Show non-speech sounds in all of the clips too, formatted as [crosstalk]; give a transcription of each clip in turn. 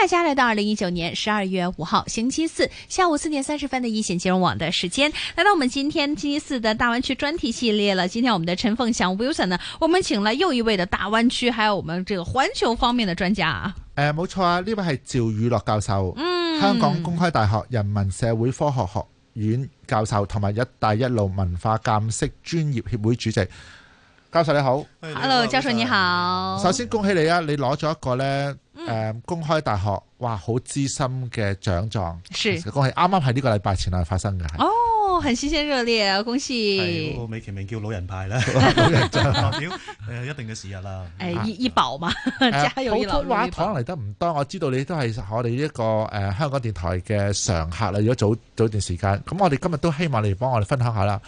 大家來到二零一九年十二月五號星期四下午四點三十分的一線金融網的時間，來到我們今天星期四的大灣區專題系列了。今天我們的陳鳳翔 Wilson 呢，我們請了又一位的大灣區，還有我們這個環球方面的專家啊。誒、呃，冇錯啊，呢位係趙雨樂教授，嗯、香港公開大學人文社會科學學院教授，同埋一帶一路文化鑒識專業協會主席。教授你好，Hello，教授你好。你好 Hello, 首先恭喜你啊，你攞咗一個呢。誒，嗯、公開大學哇，好資深嘅獎狀，是恭喜，啱啱喺呢個禮拜前日發生嘅，係哦，很新鮮熱烈，啊。恭喜。嗰、哎、美其名叫「老人派」啦， [laughs] [laughs] 老人獎代表誒，一定嘅時日啦。誒，葉葉寶嘛，加油，葉老。嗯、普通話嚟得唔多，嗯、我知道你都係我哋一、這個誒、呃、香港電台嘅常客啦。如果早早一段時間，咁我哋今日都希望你幫我哋分享下啦。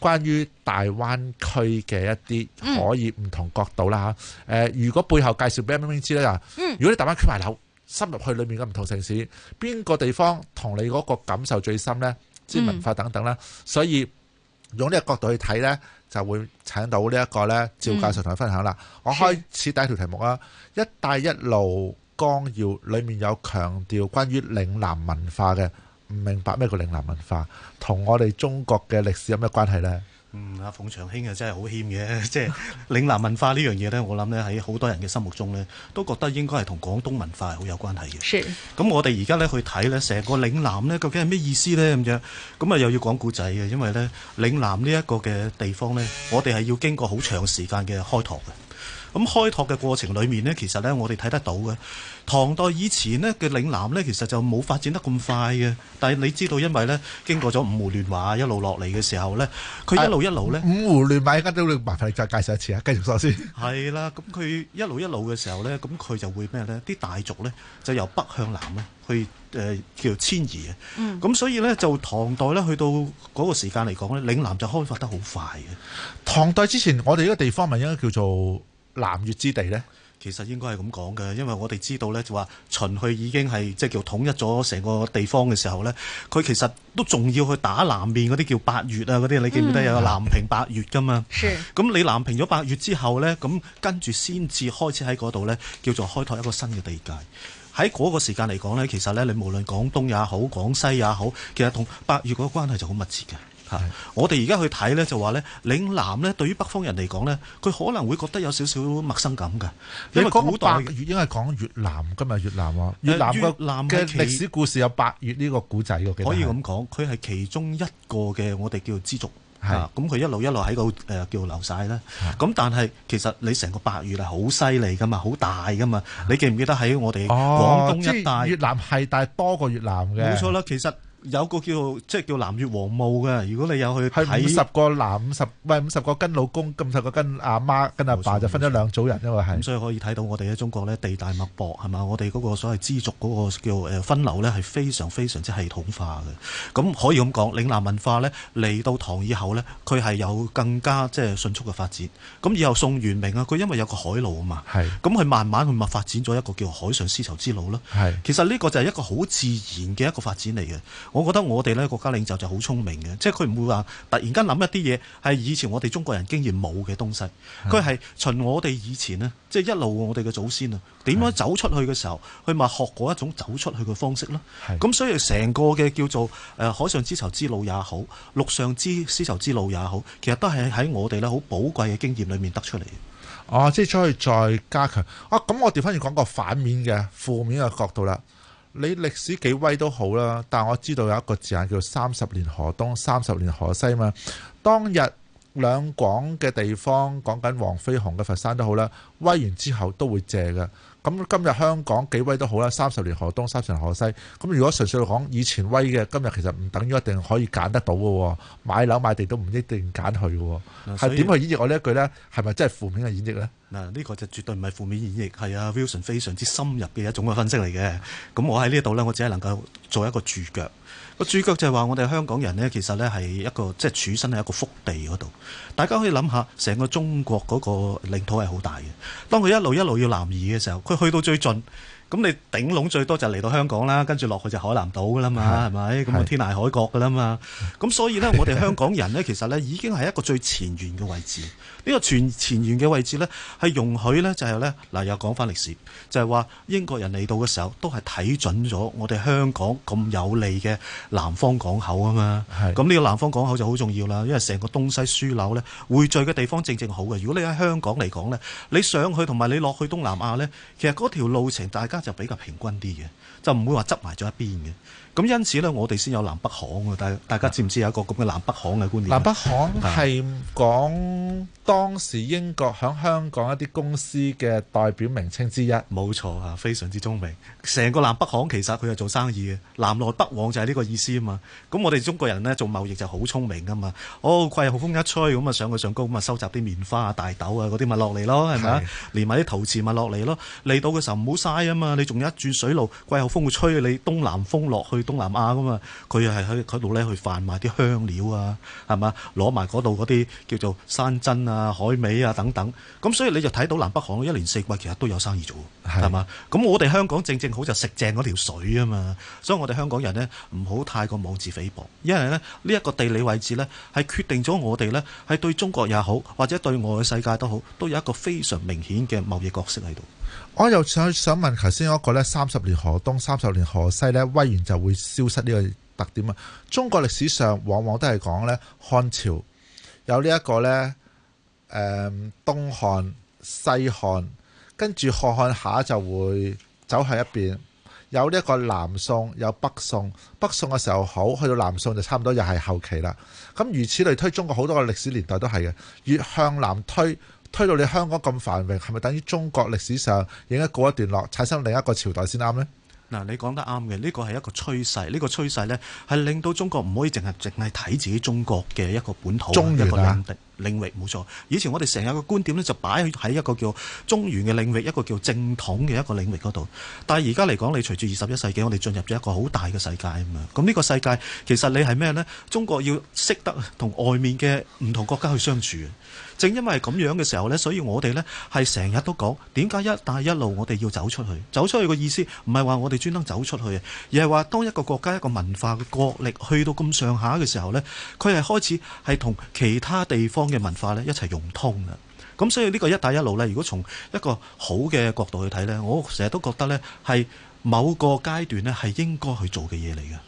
關於大灣區嘅一啲可以唔同角度啦嚇，誒、嗯、如果背後介紹俾阿冰知咧？嗯，如果你大灣區買樓深入去裏面嘅唔同城市，邊個地方同你嗰個感受最深呢？知文化等等啦，嗯、所以用呢個角度去睇呢，就會請到呢一個呢。趙教授同佢分享啦。嗯、我開始第一條題目啦，嗯「一帶一路」綱要，裏面有強調關於嶺南文化嘅。唔明白咩叫嶺南文化，同我哋中國嘅歷史有咩關係呢？嗯，阿馮長興啊，真係好謙嘅，即係嶺南文化呢樣嘢呢，我諗呢喺好多人嘅心目中呢，都覺得應該係同廣東文化係好有關係嘅。咁是我哋而家呢去睇呢成個嶺南呢，究竟係咩意思呢？咁樣？咁啊又要講古仔嘅，因為呢嶺南呢一個嘅地方呢，我哋係要經過好長時間嘅開拓嘅。咁開拓嘅過程裡面呢，其實咧我哋睇得到嘅唐代以前呢嘅嶺南呢，其實就冇發展得咁快嘅。但係你知道，因為咧經過咗五胡亂華一路落嚟嘅時候咧，佢一路一路咧、啊、五胡亂華，而家都麻煩你再介紹一次啊！繼續先。係 [laughs] 啦，咁佢一路一路嘅時候咧，咁佢就會咩咧？啲大族咧就由北向南咧去誒、呃、叫做遷移啊！咁、嗯、所以咧就唐代咧去到嗰個時間嚟講咧，嶺南就開發得好快嘅。唐代之前，我哋呢個地方咪應該叫做？南越之地呢，其實應該係咁講嘅，因為我哋知道呢，就話秦去已經係即係叫統一咗成個地方嘅時候呢，佢其實都仲要去打南面嗰啲叫八越啊嗰啲，你記唔記得有個南平八越㗎嘛？咁、嗯、你南平咗八越之後呢，咁跟住先至開始喺嗰度呢，叫做開拓一個新嘅地界。喺嗰個時間嚟講呢，其實呢，你無論廣東也好，廣西也好，其實同八越個關係就好密切嘅。嚇！我哋而家去睇咧，就話咧，嶺南咧對於北方人嚟講咧，佢可能會覺得有少少陌生感嘅。因為古代嘅粵應該係講越南，今日越南喎。越南嘅歷史故事有百越呢個古仔嘅。可以咁講，佢係其中一個嘅我哋叫做支族。係。咁佢一路一路喺度誒叫流曬啦。咁但係其實你成個百越係好犀利噶嘛，好大噶嘛。你記唔記得喺我哋廣東一帶？越南係大多過越南嘅。冇錯啦，其實。有個叫即係叫南越王墓嘅，如果你有去睇五十個男五十喂五十個跟老公，五十個跟阿媽，媽跟阿爸，爸就分咗兩組人，錯因為係，錯所以可以睇到我哋喺中國呢地大物博係嘛？我哋嗰個所謂支族嗰個叫誒分流呢，係非常非常之系統化嘅，咁可以咁講，嶺南文化呢，嚟到唐以後呢，佢係有更加即係迅速嘅發展。咁以後宋元明啊，佢因為有個海路啊嘛，咁佢是、嗯、慢慢佢咪發展咗一個叫海上絲綢之路咯。係是，其實呢個就係一個好自然嘅一個發展嚟嘅。我覺得我哋咧國家領袖就好聰明嘅，即係佢唔會話突然間諗一啲嘢係以前我哋中國人經驗冇嘅東西。佢係從我哋以前咧，即係一路我哋嘅祖先啊，點樣走出去嘅時候，佢咪是學過一種走出去嘅方式咯。咁是所以成個嘅叫做誒、呃、海上絲綢之路也好，陸上之絲綢之路也好，其實都係喺我哋咧好寶貴嘅經驗裏面得出嚟。哦、啊，即係出去再加強啊！咁我哋翻轉講個反面嘅負面嘅角度啦。你歷史幾威都好啦，但我知道有一個字眼叫做三十年河東，三十年河西嘛。當日。兩廣嘅地方，講緊黃飛鴻嘅佛山都好啦，威完之後都會借噶。咁今日香港幾威都好啦，三十年河東，三十年河西。咁如果純粹嚟講，以前威嘅，今日其實唔等於一定可以揀得到嘅，買樓買地都唔一定揀佢嘅。係點我去演繹呢一句呢？係咪真係負面嘅演繹呢？嗱，呢個就絕對唔係負面演繹，係啊，Wilson 非常之深入嘅一種嘅分析嚟嘅。咁我喺呢度呢，我只係能夠做一個註腳。個主角就係話，我哋香港人呢，其實呢係一個即係處身喺一個福地嗰度。大家可以諗下，成個中國嗰個領土係好大嘅。當佢一路一路要南移嘅時候，佢去到最盡，咁你頂籠最多就嚟到香港啦，跟住落去就海南島噶啦嘛，係咪是？咁啊、嗯、是天涯海角噶啦嘛。咁是所以呢，是我哋香港人呢，其實呢已經係一個最前沿嘅位置。呢個全前沿嘅位置呢，係容許呢。就係呢，嗱，又講返歷史，就係、係、話英國人嚟到嘅時候都係睇準咗我哋香港咁有利嘅南方港口啊嘛。咁呢係個南方港口就好重要啦，因為成個東西樞紐呢，匯聚嘅地方正正好嘅。如果你喺香港嚟講呢，你上去同埋你落去東南亞呢，其實嗰條路程大家就比較平均啲嘅，就唔會話執埋咗一邊嘅。咁因此咧，我哋先有南北行嘅，大家知唔知有一個咁嘅南北行嘅觀念？南北行係講當時英國響香港一啲公司嘅代表名稱之一。冇錯，啊，非常之聰明。成個南北行其實佢係做生意嘅，南來北往就係呢個意思啊嘛。咁我哋中國人呢，做貿易就好聰明啊嘛。哦，季候風一吹咁啊，上去上高咁啊，收集啲棉花啊、大豆啊嗰啲咪落嚟咯，係咪的連埋啲陶瓷咪落嚟咯。嚟到嘅時候唔好嘥啊嘛，你仲有一段水路，季候風會吹你東南風落去。東南亞吖嘛，佢又係喺度咧去販賣啲香料啊，係嘛？攞埋嗰度嗰啲叫做山珍啊、海味啊等等。咁所以你就睇到南北行一年四季其實都有生意做，係嘛？咁我哋香港正正好就食正嗰條水啊嘛，所以我哋香港人咧唔好太過妄自菲薄，因為咧呢一個地理位置咧係決定咗我哋咧係對中國也好，或者對外世界都好，都有一個非常明顯嘅貿易角色喺度。我又想想問，頭先嗰個咧，三十年河東，三十年河西咧，威嚴就會消失呢個特點啊？中國歷史上往往都係講咧，漢朝有呢一個咧，誒、嗯，東漢、西漢，跟住漢漢下就會走喺一邊，有呢一個南宋，有北宋，北宋嘅時候好，去到南宋就差唔多又係後期啦。咁如此類推，中國好多嘅歷史年代都係嘅，越向南推。推到你香港咁繁榮，係咪等於中國歷史上應該告一段落，產生另一個朝代先啱呢？嗱，你講得啱嘅，呢個係一個趨勢，呢、呢個趨勢呢，係令到中國唔可以淨係淨係睇自己中國嘅一個本土中原、啊、一個領領域冇錯，以前我哋成日個觀點呢就擺喺一個叫中原嘅領域，一個叫正統嘅一個領域嗰度。但係而家嚟講，你隨住二十一世紀，我哋進入咗一個好大嘅世界啊嘛。咁呢個世界其實你係咩呢？中國要識得同外面嘅唔同國家去相處。正因為係咁樣嘅時候呢，所以我哋呢係成日都講點解一帶一路我哋要走出去？走出去嘅意思唔係話我哋專登走出去，而係話當一個國家一個文化嘅國力去到咁上下嘅時候呢，佢係開始係同其他地方嘅文化咧一齊融通啊！咁所以呢個一帶一路呢，如果從一個好嘅角度去睇呢，我成日都覺得呢係某個階段呢，係應該去做嘅嘢嚟嘅。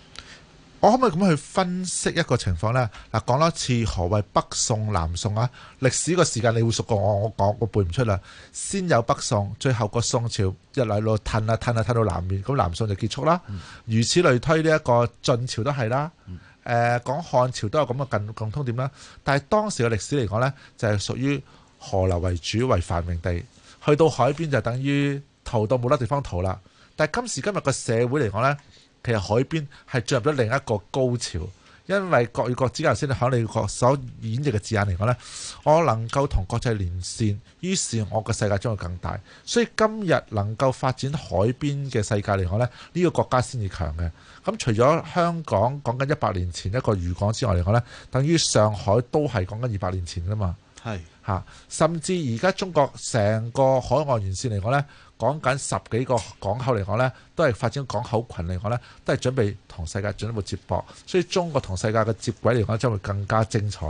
我可唔可以咁去分析一個情況呢？嗱，講多次何謂北宋南宋啊？歷史個時間你會熟過我，我講我，我背唔出啦。先有北宋，最後個宋朝一嚟咯，褪啊褪啊褪到南面，咁南宋就結束啦。嗯、如此類推，呢、這、一個晉朝都係啦。嗯誒講漢朝都有咁嘅共共通點啦，但係當時嘅歷史嚟講呢，就係屬於河流為主為繁榮地，去到海邊就等於逃到冇得地方逃啦。但係今時今日個社會嚟講呢，其實海邊係進入咗另一個高潮。因為國與國之間，頭先喺你國所演繹嘅字眼嚟講呢，我能夠同國際連線，於是我嘅世界將會更大。所以今日能夠發展海邊嘅世界嚟講呢，呢個國家先至強嘅。咁、嗯、除咗香港講緊一百年前一個漁港之外嚟講呢，等於上海都係講緊二百年前噶嘛。係嚇是，甚至而家中國成個海岸沿線嚟講呢。講緊十幾個港口嚟講呢，都係發展港口群嚟講呢，都係準備同世界進一步接駁，所以中國同世界嘅接軌嚟講，將會更加精彩。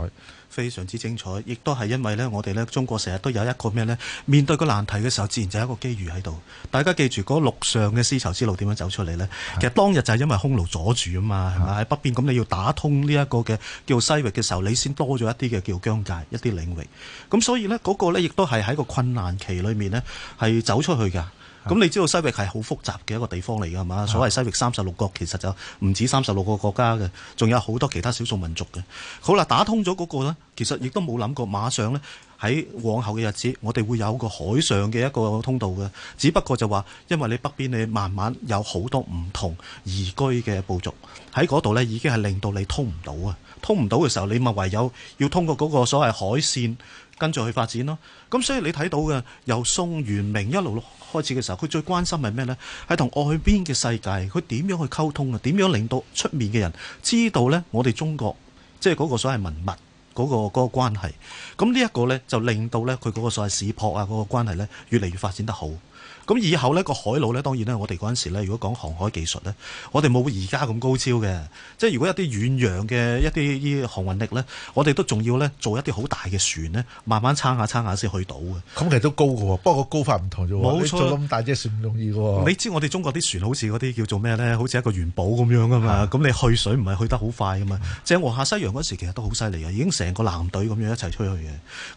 非常之精彩，亦都係因為呢，我哋呢中國成日都有一個咩呢，面對個難題嘅時候，自然就有一個機遇喺度。大家記住嗰陸上嘅絲綢之路點樣走出嚟呢？其實當日就係因為匈奴阻住啊嘛，係咪？喺北邊，咁你要打通呢一個嘅叫西域嘅時候，你先多咗一啲嘅叫疆界，一啲領域。咁所以呢，嗰個呢亦都係喺個困難期裏面呢，係走出去噶。咁你知道西域係好複雜嘅一個地方嚟㗎，係嘛？所謂西域三十六國，其實就唔止三十六個國家嘅，仲有好多其他少數民族嘅。好啦，打通咗嗰個呢，其實亦都冇諗過馬上呢喺往後嘅日子，我哋會有個海上嘅一個通道嘅。只不過就話，因為你北邊你慢慢有好多唔同移居嘅部族喺嗰度呢，已經係令到你通唔到啊！通唔到嘅時候，你咪唯有要通過嗰個所謂海線。跟住去發展咯，咁所以你睇到嘅由宋元明一路開始嘅時候，佢最關心係咩呢？係同外邊嘅世界，佢點樣去溝通啊？點樣令到出面嘅人知道呢？我哋中國即係嗰個所謂文物嗰個嗰個關係，咁呢一個呢，就令到呢，佢嗰個所謂市舶啊嗰個關係呢越嚟越發展得好。咁以後呢、個海路呢，當然呢，我哋嗰陣時呢，如果講航海技術呢，我哋冇而家咁高超嘅。即係如果一啲遠洋嘅一啲啲航運力呢，我哋都仲要呢做一啲好大嘅船呢，慢慢撐下撐下先去到嘅。咁其實都高嘅喎，不過高法唔同啫喎。冇錯，咁大隻船唔容易喎。你知我哋中國啲船好似嗰啲叫做咩呢？好似一個元寶咁樣啊嘛。咁是的 你去水唔係去得好快嘅嘛？即係鄭和下西洋嗰時其實都好犀利嘅，已經成個艦隊咁樣一齊出去嘅。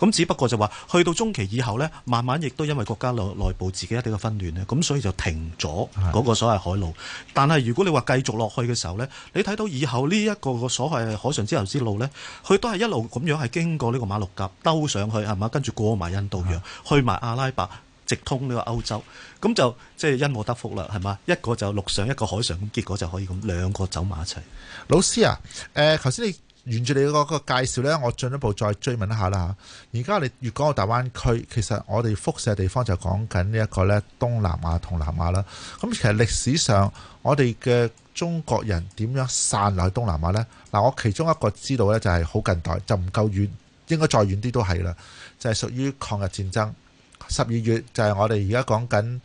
咁只不過就話去到中期以後呢，慢慢亦都因為國家內部自己一定紛亂咧，咁、嗯、所以就停咗嗰個所謂海路。但係如果你話繼續落去嘅時候呢，你睇到以後呢，一個個所謂海上絲綢之路呢，佢都係一路咁樣係經過呢個馬六甲兜上去，係嘛，跟住過埋印度洋，去埋阿拉伯，直通呢個歐洲。咁就即係、就是、因禍得福啦，係嘛，一個就陸上，一個海上，咁結果就可以咁兩個走埋一齊。老師啊，誒、呃，頭先你，沿住你嗰個介紹呢，我進一步再追問一下啦嚇。而家你越講個大灣區，其實我哋輻射嘅地方就講緊呢一個呢東南亞同南亞啦。咁、嗯、其實歷史上，我哋嘅中國人點樣散落去東南亞呢？嗱、嗯，我其中一個知道呢，就係好近代，就唔夠遠，應該再遠啲都係啦。就係屬於抗日戰爭，十二月就係我哋而家講緊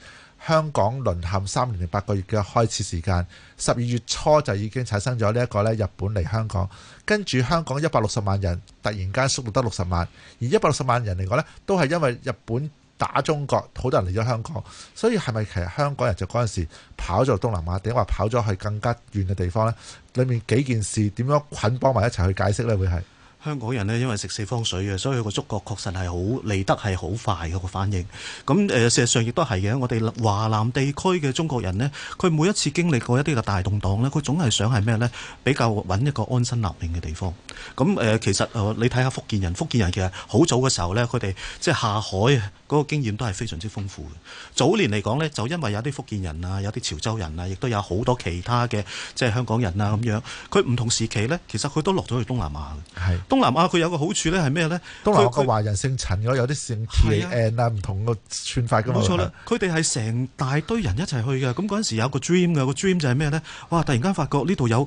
香港淪陷三年零八個月嘅開始時間，十二月初就已經產生咗呢一個咧，日本嚟香港，跟住香港一百六十萬人突然間縮到得六十萬，而一百六十萬人嚟講咧，都係因為日本打中國，好多人嚟咗香港，所以係咪其實香港人就嗰陣時跑咗東南亞，定話跑咗去更加遠嘅地方咧？裡面幾件事點樣捆綁埋一齊去解釋咧？會係？香港人呢，因為食四方水嘅，所以佢個觸覺確實係好嚟得係好快嗰個反應。咁誒，事實上亦都係嘅。我哋華南地區嘅中國人呢，佢每一次經歷過一啲嘅大動盪呢，佢總係想係咩呢？比較揾一個安身立命嘅地方。咁誒，其實誒，你睇下福建人，福建人其實好早嘅時候呢，佢哋即係下海嗰個經驗都係非常之豐富嘅。早年嚟講呢，就因為有啲福建人啊，有啲潮州人啊，亦都有好多其他嘅即係香港人啊咁樣。佢唔同時期呢，其實佢都落咗去東南亞嘅。係。東南亞佢有個好處咧係咩咧？東南亞個華人姓陳嘅，它有啲姓 T and 啊，唔、啊、同個串法咁樣。冇錯啦，佢哋係成大堆人一齊去嘅。咁嗰陣時有個 dream 㗎，個 dream 就係咩咧？哇！突然間發覺呢度有。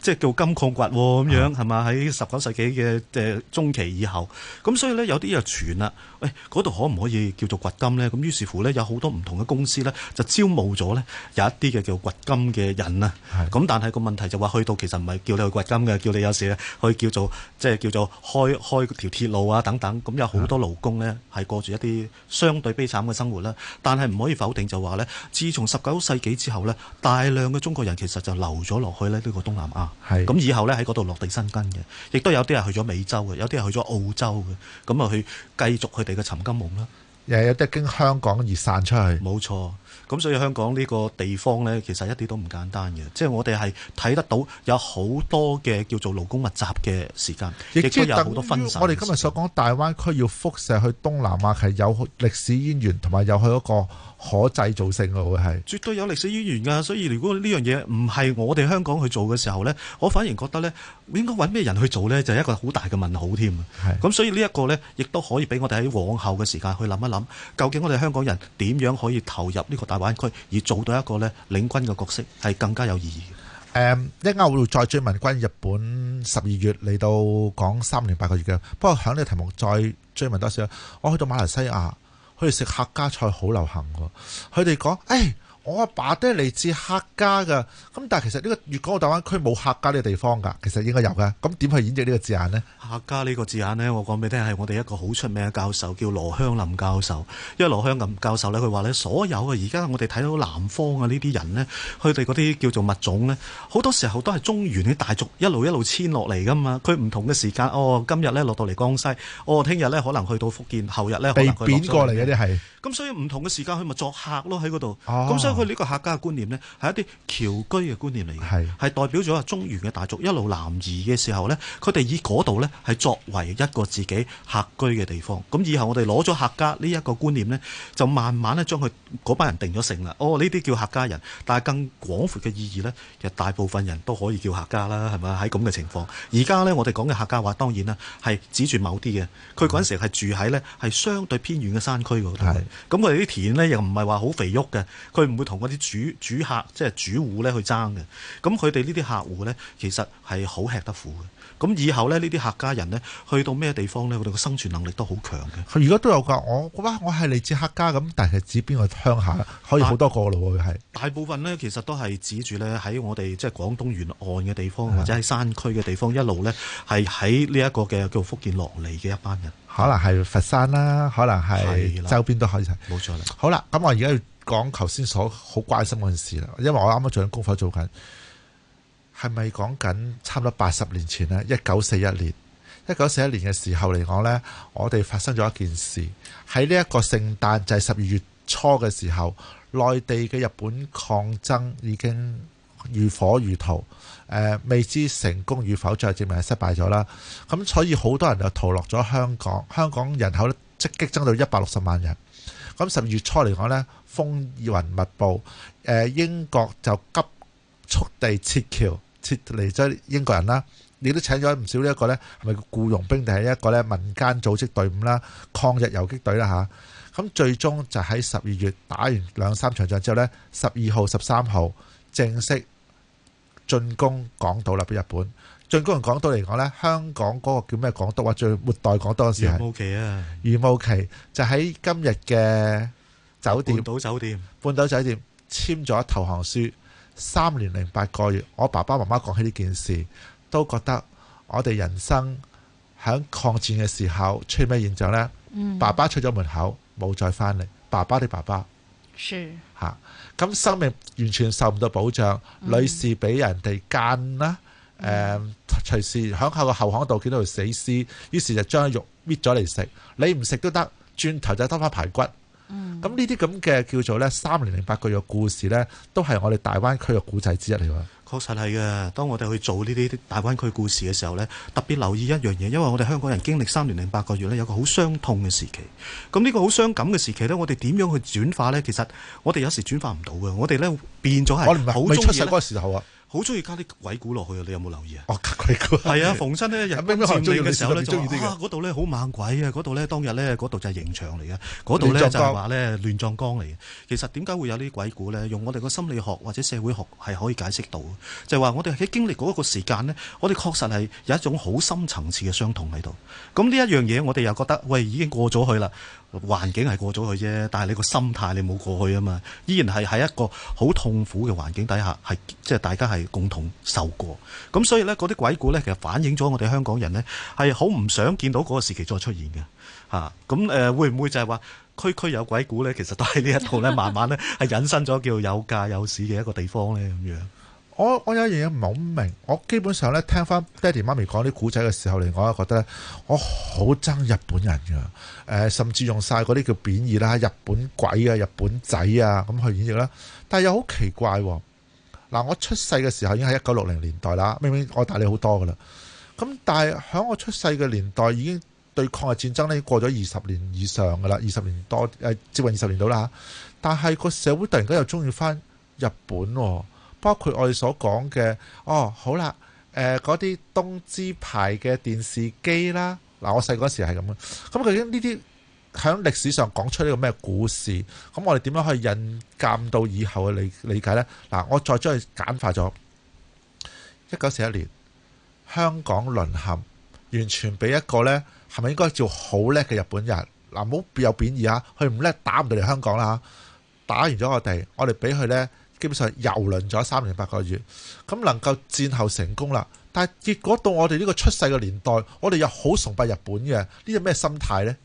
即係叫金礦掘咁樣係嘛？喺十九世紀嘅中期以後，咁所以咧有啲又傳啦，喂嗰度可唔可以叫做掘金咧？咁於是乎咧有好多唔同嘅公司咧就招募咗咧有一啲嘅叫掘金嘅人啊。咁但係個問題就話去到其實唔係叫你去掘金嘅，叫你有時咧去叫做即係叫做開開條鐵路啊等等。咁有好多勞工咧係過住一啲相對悲慘嘅生活啦。但係唔可以否定就話咧，自從十九世紀之後咧，大量嘅中國人其實就流咗落去咧呢個東南亞。係，咁、啊、以後呢，喺嗰度落地生根嘅，亦都有啲係去咗美洲嘅，有啲係去咗澳洲嘅，咁啊去繼續佢哋嘅尋金夢啦。又有得經香港而散出去，冇錯。咁所以香港呢個地方呢，其實一啲都唔簡單嘅，即、就、係、是、我哋係睇得到有好多嘅叫做勞工密集嘅時間，亦都有好多分散。我哋今日所講大灣區要輻射去東南亞係有歷史淵源，同埋有，有去一個。可製造性咯，會係。絕對有歷史意義㗎，所以如果呢樣嘢唔係我哋香港去做嘅時候呢，我反而覺得呢，應該搵咩人去做呢？就係、是、一個好大嘅問號添。咁是所以呢一個呢，亦都可以俾我哋喺往後嘅時間去諗一諗，究竟我哋香港人點樣可以投入呢個大灣區，而做到一個呢領軍嘅角色，係更加有意義嘅。誒、嗯，一陣我會再追問關於日本十二月嚟到講三年八個月嘅，不過喺呢個題目再追問多少？我去到馬來西亞。佢哋食客家菜好流行喎，佢哋講，哎。我阿，哦，爸都係嚟自客家噶，咁但係其實呢個粵港澳大灣區冇客家呢個地方㗎，其實應該有㗎。咁點去演繹呢個字眼呢？客家呢個字眼呢？我講俾你聽，係我哋一個好出名嘅教授，叫羅香林教授。因為羅香林教授呢，佢話呢，所有嘅而家我哋睇到南方嘅呢啲人呢，佢哋嗰啲叫做物種呢，好多時候都係中原啲大族一路一路遷落嚟㗎嘛。佢唔同嘅時間，哦，今日呢落到嚟江西，哦，聽日呢可能去到福建，後日呢可能佢過嚟嘅啲係。咁所以唔同嘅時間，佢咪作客咯喺嗰度，咁所、哦哦佢呢個客家嘅觀念呢，係一啲僑居嘅觀念嚟嘅，係是代表咗啊中原嘅大族一路南移嘅時候呢，佢哋以嗰度呢係作為一個自己客居嘅地方。咁以後我哋攞咗客家呢一個觀念呢，就慢慢咧將佢嗰班人定咗性啦。哦，呢啲叫客家人，但係更廣闊嘅意義呢，其實大部分人都可以叫客家啦，係咪？喺咁嘅情況，而家呢，我哋講嘅客家話，當然啦係指住某啲嘅，佢嗰陣時係住喺呢係相對偏遠嘅山區㗎，咁佢哋啲田呢，又唔係話好肥沃嘅，佢唔會。會同嗰啲主主客即係主戶咧去爭嘅，咁佢哋呢啲客戶咧，其實係好吃得苦嘅。咁以後咧，呢啲客家人咧，去到咩地方咧，佢哋嘅生存能力都好強嘅。佢而家都有噶，我我我係嚟自客家咁，但係指邊個鄉下？可以好多個路佢係。大部分咧，其實都係指住咧喺我哋即係廣東沿岸嘅地方，或者喺山區嘅地方，的一路咧係喺呢一個嘅叫福建落嚟嘅一班人可，可能係佛山啦，可能係周邊都可以。冇錯啦。好啦，咁我而家要。講頭先所好關心嗰件事啦，因為我啱啱做緊功課，做緊係咪講緊差唔多八十年前呢？一九四一年，一九四一年嘅時候嚟講呢，我哋發生咗一件事，喺呢一個聖誕就係十二月初嘅時候，內地嘅日本抗爭已經如火如荼，誒、呃、未知成功與否，最後證明係失敗咗啦。咁所以好多人就逃落咗香港，香港人口咧即激增到一百六十萬人。咁十二月初嚟講呢，風雲密布，誒英國就急速地撤僑，撤離咗英國人啦。你都請咗唔少呢、這個、一個呢係咪僱傭兵定係一個咧民間組織隊伍啦？抗日遊擊隊啦嚇。咁、啊、最終就喺十二月打完兩三場仗之後呢，十二號、十三號正式進攻港島，笠俾日本。最高人港督嚟講呢，香港嗰個叫咩港督啊？最末代港督時係。余慕琪啊，余慕琪就喺今日嘅酒店半島酒店，半島酒店簽咗投降書，三年零八個月。我爸爸媽媽講起呢件事，都覺得我哋人生喺抗戰嘅時候出現咩現象呢？嗯、爸爸出咗門口冇再翻嚟，爸爸你爸爸是吓，咁、啊、生命完全受唔到保障，嗯、女士俾人哋奸啦，誒、呃。嗯隨時響後個後巷度見到條死屍，於是就將肉搣咗嚟食。你唔食都得，轉頭就偷翻排骨。咁呢啲咁嘅叫做咧三年零八個月嘅故事咧，都係我哋大灣區嘅古仔之一嚟喎。確實係嘅，當我哋去做呢啲大灣區故事嘅時候咧，特別留意一樣嘢，因為我哋香港人經歷三年零八個月咧，有個好傷痛嘅時期。咁呢個好傷感嘅時期咧，我哋點樣去轉化咧？其實我哋有時轉化唔到嘅，我哋咧變咗係未出世嗰時候啊。好中意加啲鬼故落去啊！你有冇留意啊？哦，鬼故係啊，逢親咧入兵佔領嘅時候咧，哇，嗰度咧好猛鬼啊！嗰度咧當日咧嗰度就係刑場嚟嘅，嗰度咧就係話咧亂葬崗嚟嘅。其實點解會有呢啲鬼故咧？用我哋個心理學或者社會學係可以解釋到，就係話我哋喺經歷嗰一個時間咧，我哋確實係有一種好深層次嘅傷痛喺度。咁呢一樣嘢我哋又覺得喂，已經過咗去啦。環境係過咗去啫，但係你個心態你冇過去啊嘛，依然係喺一個好痛苦嘅環境底下，係即係大家係共同受過。咁所以呢，嗰啲鬼故呢，其實反映咗我哋香港人呢，係好唔想見到嗰個時期再出現嘅嚇。咁、啊、誒、啊、會唔會就係話區區有鬼故呢？其實都係呢一套呢，慢慢呢，係 [laughs] 引申咗叫有價有市嘅一個地方呢。咁樣。我我有一樣嘢唔係好明，我基本上咧，聽翻爹哋媽咪講啲古仔嘅時候嚟，我啊覺得咧，我好憎日本人噶，誒、呃、甚至用晒嗰啲叫貶義啦，日本鬼啊、日本仔啊咁去演繹啦。但係又好奇怪，哦，嗱我出世嘅時候已經係一九六零年代啦，明明我大你好多噶啦，咁但係喺我出世嘅年代已經對抗日戰爭咧過咗二十年以上噶啦，二十年多誒接近二十年到啦，但係個社會突然間又中意翻日本，哦。包括我哋所講嘅，哦，好啦，誒嗰啲東芝牌嘅電視機啦，嗱我細個嗰時係咁嘅，咁、嗯、究竟呢啲喺歷史上講出呢個咩故事？咁、嗯、我哋點樣去引鑑到以後嘅理理解呢？嗱、嗯，我再將佢簡化咗，一九四一年香港淪陷，完全俾一個呢，係咪應該叫好叻嘅日本人？嗱、嗯，冇有貶義啊，佢唔叻打唔到嚟香港啦、啊、打完咗我哋，我哋俾佢呢。基本上游輪咗三年八個月，咁能夠戰後成功啦。但係結果到我哋呢個出世嘅年代，我哋又好崇拜日本嘅，呢啲咩心態呢？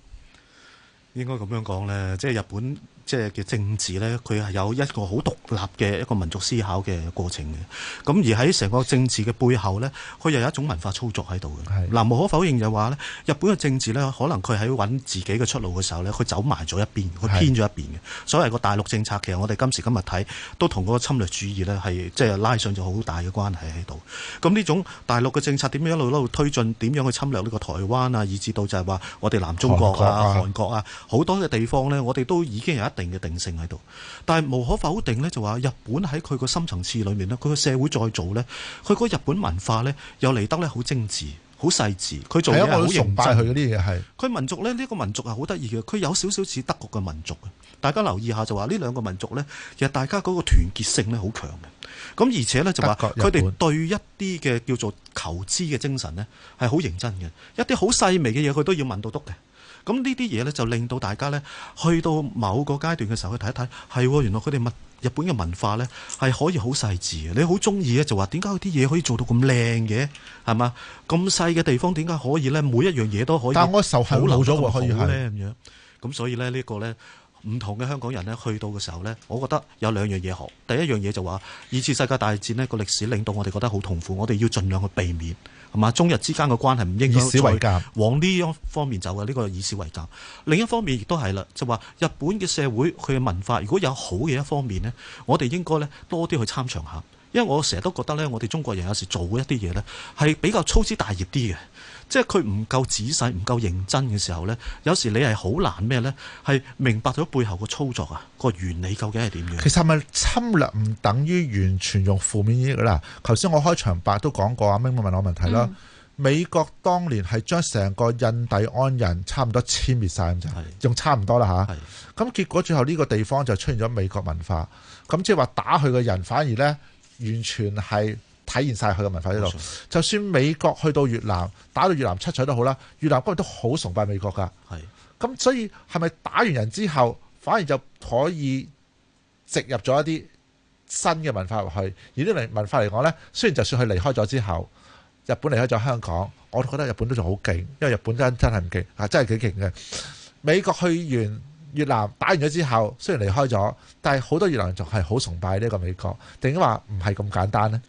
應該咁樣講呢，即係日本。即係嘅政治呢，佢係有一個好獨立嘅一個民族思考嘅過程嘅。咁而喺成個政治嘅背後呢，佢又有一種文化操作喺度嘅。嗱，是的 無可否認就係話呢，日本嘅政治呢，可能佢喺揾自己嘅出路嘅時候呢，佢走埋咗一邊，佢偏咗一邊嘅。是的 所謂個大陸政策，其實我哋今時今日睇都同個侵略主義呢係即係拉上咗好大嘅關係喺度。咁呢種大陸嘅政策點樣一路一路推進，點樣去侵略呢個台灣啊，以至到就係話我哋南中國啊、韓國啊，韓國啊好多嘅地方呢，我哋都已經有一定嘅定性喺度，但係無可否定咧，就話日本喺佢個深層次裏面咧，佢個社會再造咧，佢個日本文化咧又嚟得咧好精緻、好細緻。佢做嘢好細。崇拜佢嗰啲嘢係。佢民族咧呢、呢個民族係好得意嘅，佢有少少似德國嘅民族。大家留意下就話呢兩個民族咧，其實大家嗰個團結性咧好強嘅。咁而且咧就話佢哋對一啲嘅叫做求知嘅精神咧係好認真嘅，一啲好細微嘅嘢佢都要問到篤嘅。咁呢啲嘢咧就令到大家咧去到某個階段嘅時候去睇一睇，係喎，原來佢哋日日本嘅文化咧係可以好細緻嘅。你好中意咧就話點解佢啲嘢可以做到咁靚嘅係嘛？咁細嘅地方點解可以咧？每一樣嘢都可以，但我受損冇咗喎，可以係咁樣。咁所以咧呢一、呢個咧。唔同嘅香港人咧，去到嘅時候呢，我覺得有兩樣嘢學。第一樣嘢就話，二次世界大戰呢個歷史令到我哋覺得好痛苦，我哋要盡量去避免，係嘛？中日之間嘅關係唔應該往呢方面走嘅，呢個以史為鑑。另一方面亦都係啦，就話日本嘅社會佢嘅文化，如果有好嘅一方面呢，我哋應該咧多啲去參詳下，因為我成日都覺得呢，我哋中國人有時做一啲嘢呢，係比較粗枝大葉啲嘅。即係佢唔夠仔細、唔夠認真嘅時候呢，有時你係好難咩呢？係明白到背後個操作啊，個原理究竟係點樣？其實係咪侵略唔等於完全用負面意啦。頭先我開場白都講過啊，明咩問我問題啦。嗯、美國當年係將成個印第安人差唔多殲滅晒咁就，用是的 差唔多啦吓，咁是的 結果最後呢個地方就出現咗美國文化。咁即係話打佢嘅人反而呢，完全係。體現晒佢嘅文化喺度， [music] 就算美國去到越南打到越南七彩都好啦，越南嗰邊都好崇拜美國㗎。係，咁 [music] 所以係咪打完人之後，反而就可以植入咗一啲新嘅文化入去？而啲嚟文化嚟講呢，雖然就算佢離開咗之後，日本離開咗香港，我都覺得日本都仲好勁，因為日本真真係唔勁，係真係幾勁嘅。美國去完越南打完咗之後，雖然離開咗，但係好多越南人仲係好崇拜呢個美國，定話唔係咁簡單呢？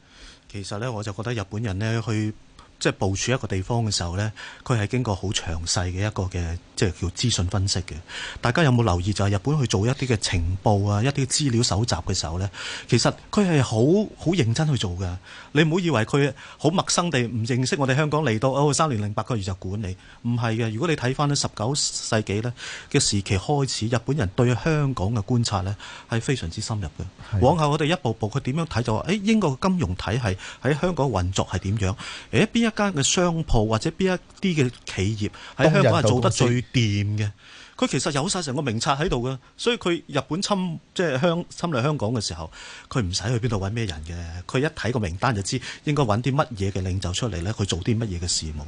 其實咧，我就覺得日本人咧去。即係部署一個地方嘅時候呢，佢係經過好詳細嘅一個嘅，即係叫資訊分析嘅。大家有冇留意就係日本去做一啲嘅情報啊、一啲資料搜集嘅時候呢，其實佢係好好認真去做嘅。你唔好以為佢好陌生地唔認識我哋香港嚟到、哦、三年零八個月就管理，唔係嘅。如果你睇翻呢十九世紀呢嘅時期開始，日本人對香港嘅觀察呢係非常之深入嘅。係嘅。往後我哋一步步，佢點樣睇就話，誒英國嘅金融體系喺香港運作係點樣？誒、欸、邊一一間嘅商鋪或者邊一啲嘅企業喺香港係做得最掂嘅，佢其實有晒成個名冊喺度嘅，所以佢日本侵即係香侵略香港嘅時候，佢唔使去邊度揾咩人嘅，佢一睇個名單就知應該揾啲乜嘢嘅領袖出嚟咧，佢去做啲乜嘢嘅事務。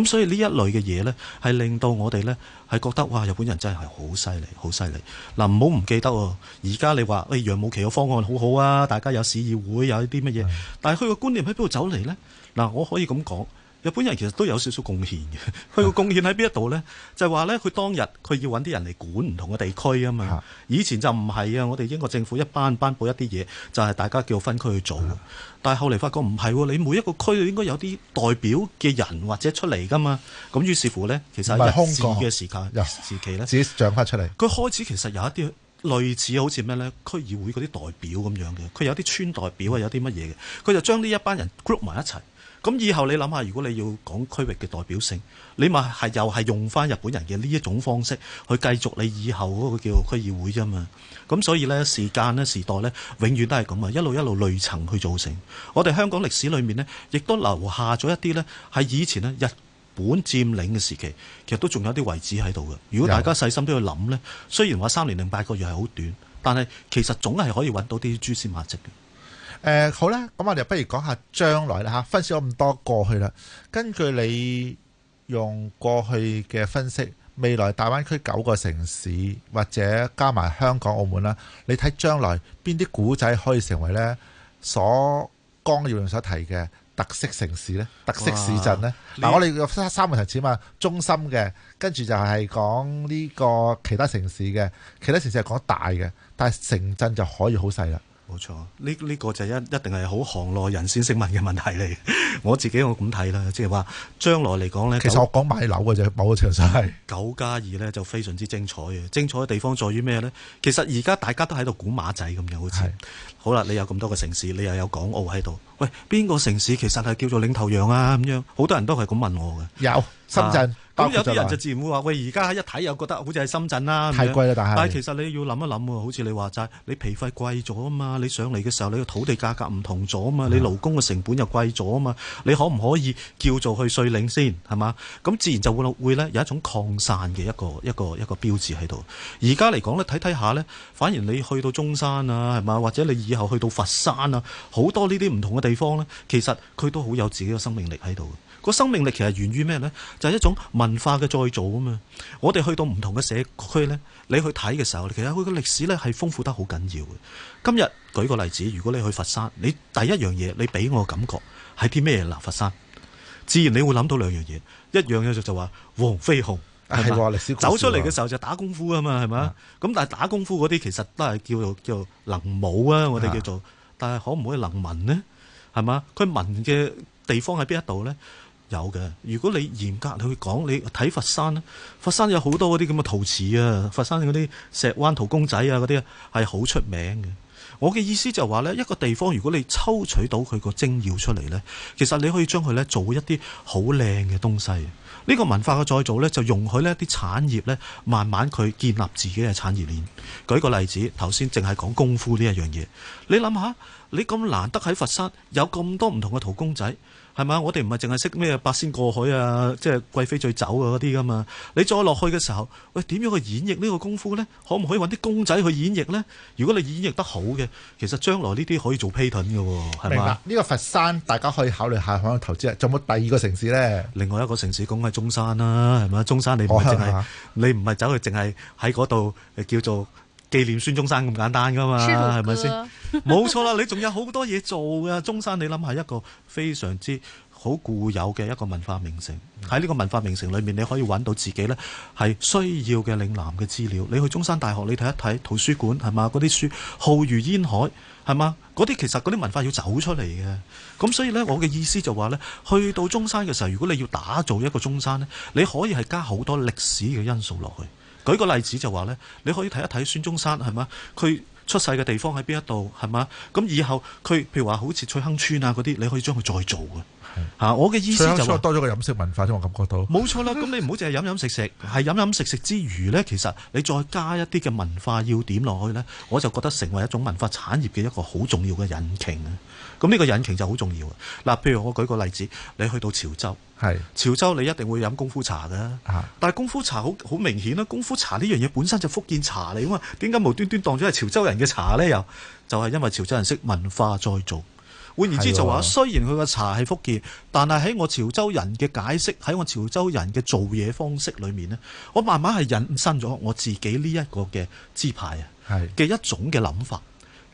咁所以呢一類嘅嘢咧，係令到我哋咧係覺得哇，日本人真係好犀利，好犀利。嗱，唔好唔記得喎，而家你話喂、哎，楊慕琦嘅方案好好啊，大家有市議會，有一啲乜嘢，的但係佢個觀念喺邊度走嚟咧？嗱，我可以咁講，日本人其實都有少少貢獻嘅。佢個貢獻喺邊一度咧？ [laughs] 就係話咧，佢當日佢要揾啲人嚟管唔同嘅地區啊嘛。 [laughs] 以前就唔係啊，我哋英國政府一班頒布一啲嘢，就係大家叫分區去做。 [laughs] 但係後嚟發覺唔係，你每一個區應該有啲代表嘅人或者出嚟噶嘛。咁於是乎咧，其實係日治嘅時間時期咧，自己長翻出嚟。佢 [laughs] 開始其實有一啲類似好似咩咧，區議會嗰啲代表咁樣嘅。佢有啲村代表啊，有啲乜嘢嘅。佢就將呢一班人 group 埋一齊。咁以後你諗下，如果你要講區域嘅代表性，你咪係又係用翻日本人嘅呢一種方式去繼續你以後嗰個叫區議會啫嘛。咁所以呢時間呢時代呢，永遠都係咁啊，一路一路累層去造成。我哋香港歷史裏面呢，亦都留下咗一啲呢，係以前呢日本佔領嘅時期，其實都仲有啲位置喺度嘅。如果大家細心都要諗呢，雖然話三年零八個月係好短，但係其實總係可以揾到啲蛛絲馬跡。嗯、好啦，咁我哋不如講下將來啦吓、啊，分析咗咁多過去啦，根據你用過去嘅分析，未來大灣區九個城市或者加埋香港澳門啦，你睇將來邊啲古仔可以成為呢所江要榮所提嘅特色城市呢？特色市鎮呢？嗱哇、啊，我哋用三三個層次嘛，中心嘅，跟住就係講呢個其他城市嘅，其他城市係講大嘅，但係城鎮就可以好細啦。冇錯，呢呢、這個就一一定係好行內人先識問嘅問題嚟。 [laughs] 我自己我咁睇啦，即係話將來嚟講咧，其實我講買樓嘅啫，冇錯晒。九加二咧就非常之精彩嘅，精彩嘅地方在於咩咧？其實而家大家都喺度估馬仔咁樣，好似是好啦。你有咁多個城市，你又有港澳喺度，喂，邊個城市其實係叫做領頭羊啊？咁樣好多人都係咁問我嘅。有深圳。啊咁有啲人就自然會話：喂，而家一睇又覺得好似喺深圳啦。太貴啦，但係但係，其實你要諗一諗啊，好似你話齋，你皮費貴咗啊嘛，你上嚟嘅時候，你個土地價格唔同咗啊嘛，你勞工嘅成本又貴咗啊嘛，你可唔可以叫做去稅領先？係嘛，咁自然就會會咧有一種擴散嘅一個一個一個標誌喺度。而家嚟講咧，睇睇下咧，反而你去到中山啊，係嘛，或者你以後去到佛山啊，好多呢啲唔同嘅地方咧，其實佢都好有自己嘅生命力喺度。個生命力其實源於咩咧？就係、是、一種文化嘅再造啊嘛！我哋去到唔同嘅社區咧，你去睇嘅時候，其實佢嘅歷史咧係豐富得好緊要嘅。今日舉個例子，如果你去佛山，你第一樣嘢你俾我感覺係啲咩嗱？佛山，自然你會諗到兩樣嘢。一樣嘢就就話黃飛鴻係嘛？走出嚟嘅時候就打功夫啊嘛，係咪？咁的但係打功夫嗰啲其實都係叫做叫能武啊，我哋叫做。的但係可唔可以能文呢？係嘛？佢文嘅地方喺邊一度咧？有嘅。如果你嚴格去講，你睇佛山呢，佛山有好多嗰啲咁嘅陶瓷啊，佛山嗰啲石灣陶公仔啊，嗰啲係好出名嘅。我嘅意思就係話呢，一個地方如果你抽取到佢個精要出嚟呢，其實你可以將佢呢做一啲好靚嘅東西。呢個文化嘅再造呢，就容許呢啲產業呢，慢慢佢建立自己嘅產業鏈。舉個例子，頭先淨係講功夫呢一樣嘢，你諗下，你咁難得喺佛山有咁多唔同嘅陶公仔。係嘛？我哋唔係淨係識咩八仙過海啊，即係貴妃醉酒啊嗰啲噶嘛。你再落去嘅時候，喂，點樣去演繹呢個功夫咧？可唔可以揾啲公仔去演繹咧？如果你演繹得好嘅，其實將來呢啲可以做 pattern 嘅喎。明白。呢、這個佛山大家可以考慮下，可唔可投資？有冇第二個城市咧？另外一個城市講喺中山啦、啊，係嘛？中山你唔係淨係，你唔係走去淨係喺嗰度呃，叫做。紀念孫中山咁簡單噶嘛？係咪先？冇錯啦，你仲有好多嘢做噶。中山，你諗下一個非常之好固有嘅一個文化名城。喺呢個文化名城裏面，你可以揾到自己呢係需要嘅嶺南嘅資料。你去中山大學，你睇一睇圖書館係嘛，嗰啲書浩如煙海係嘛，嗰啲其實嗰啲文化要走出嚟嘅。咁所以呢，我嘅意思就話呢，去到中山嘅時候，如果你要打造一個中山呢，你可以係加好多歷史嘅因素落去。舉個例子就話咧，你可以睇一睇孫中山係嘛，佢出世嘅地方喺邊一度係嘛，咁以後佢譬如話好似翠亨村啊嗰啲，你可以將佢再做嘅。吓、啊，我嘅意思就多咗個飲食文化，我感覺到。冇錯啦，咁你唔好淨係飲飲食食，係飲飲食食之餘呢，其實你再加一啲嘅文化要點落去呢，我就覺得成為一種文化產業嘅一個好重要嘅引擎啊！咁呢個引擎就好重要啊！嗱，譬如我舉個例子，你去到潮州，係是潮州你一定會飲功夫茶噶，啊、但係功夫茶好好明顯啦，功夫茶呢樣嘢本身就福建茶嚟噶嘛，點解無端端當咗係潮州人嘅茶呢？又就係、是、因為潮州人識文化再做。換言之就話，雖然佢個茶係福建，但係喺我潮州人嘅解釋，喺我潮州人嘅做嘢方式裏面咧，我慢慢係引申咗我自己呢一個嘅招牌，啊嘅一種嘅諗法，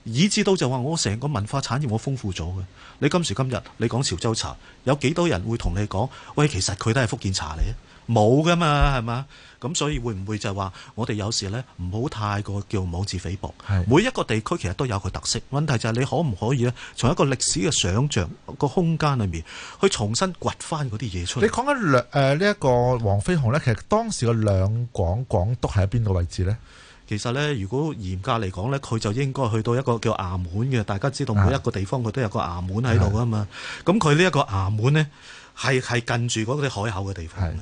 以至到就話我成個文化產業我豐富咗嘅。你今時今日你講潮州茶，有幾多人會同你講？喂，其實佢都係福建茶嚟啊！冇噶嘛，係嘛？咁所以會唔會就係話我哋有時呢，唔好太過叫妄自菲薄。是每一個地區其實都有個特色。問題就係你可唔可以呢，從一個歷史嘅想像個空間裏面去重新掘翻嗰啲嘢出嚟。你講緊誒呢一個黃飛鴻呢，其實當時嘅兩廣廣督喺邊個位置呢？其實呢，如果嚴格嚟講呢，佢就應該去到一個叫衙門嘅。大家知道每一個地方佢都有個衙門喺度㗎嘛。咁佢呢一個衙門呢，係係近住嗰啲海口嘅地方。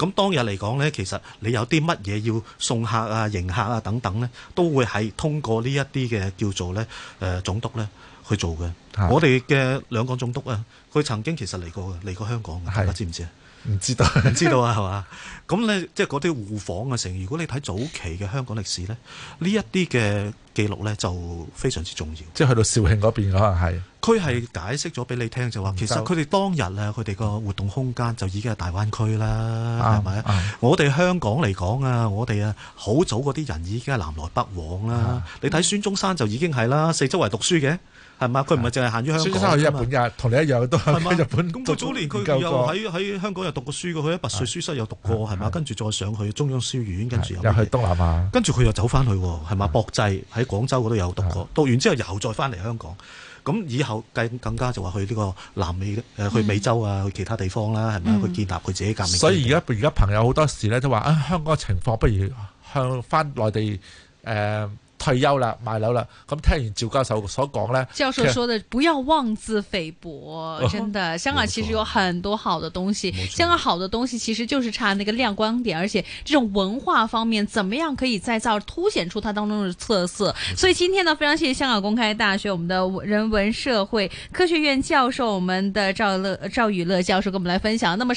咁當日嚟講咧，其實你有啲乜嘢要送客啊、迎客啊等等咧，都會係通過呢一啲嘅叫做咧，誒總督咧去做嘅。我哋嘅兩港總督啊，佢曾經其實嚟過嘅，嚟過香港嘅，大家知唔知啊？唔知道，唔知道啊，係嘛？咁咧，即係嗰啲互訪嘅成。如果你睇早期嘅香港歷史咧，呢一啲嘅。記錄呢就非常之重要。即係去到肇慶嗰邊可能係。佢係解釋咗俾你聽就話，其實佢哋當日啊，佢哋個活動空間就已經係大灣區啦，係咪？我哋香港嚟講啊，我哋啊好早嗰啲人已經係南來北往啦。你睇孫中山就已經係啦，四周圍讀書嘅係嘛？佢唔係淨係限於香港。孫中山去日本嘅，同你一樣都喺日本讀過。咁佢早年佢又喺喺香港又讀過書嘅，佢喺拔萃書室又讀過係嘛？跟住再上去中央書院，跟住又去東南亞。跟住佢又走翻去係嘛？博濟。喺廣州嗰度有讀過，讀完之後又再翻嚟香港，咁以後計更加就話去呢個南美，誒去美洲啊，嗯、去其他地方啦，係咪？嗯、去建立佢自己革命。所以而家而家朋友好多時咧都話，啊，香港嘅情況不如向翻內地誒。呃退休了，買樓了。咁聽完趙教授所講呢，教授說的不要妄自菲薄， [laughs] 真的，香港其實有很多好的東西，錯香港好的東西其實就是差那個亮光點，錯而且這種文化方面，怎麼樣可以再造，凸顯出它當中的特色， [laughs] 所以今天呢，非常謝謝香港公開大學我們的人文社會科學院教授我們的趙樂趙雨樂教授，跟我們來分享，那麼。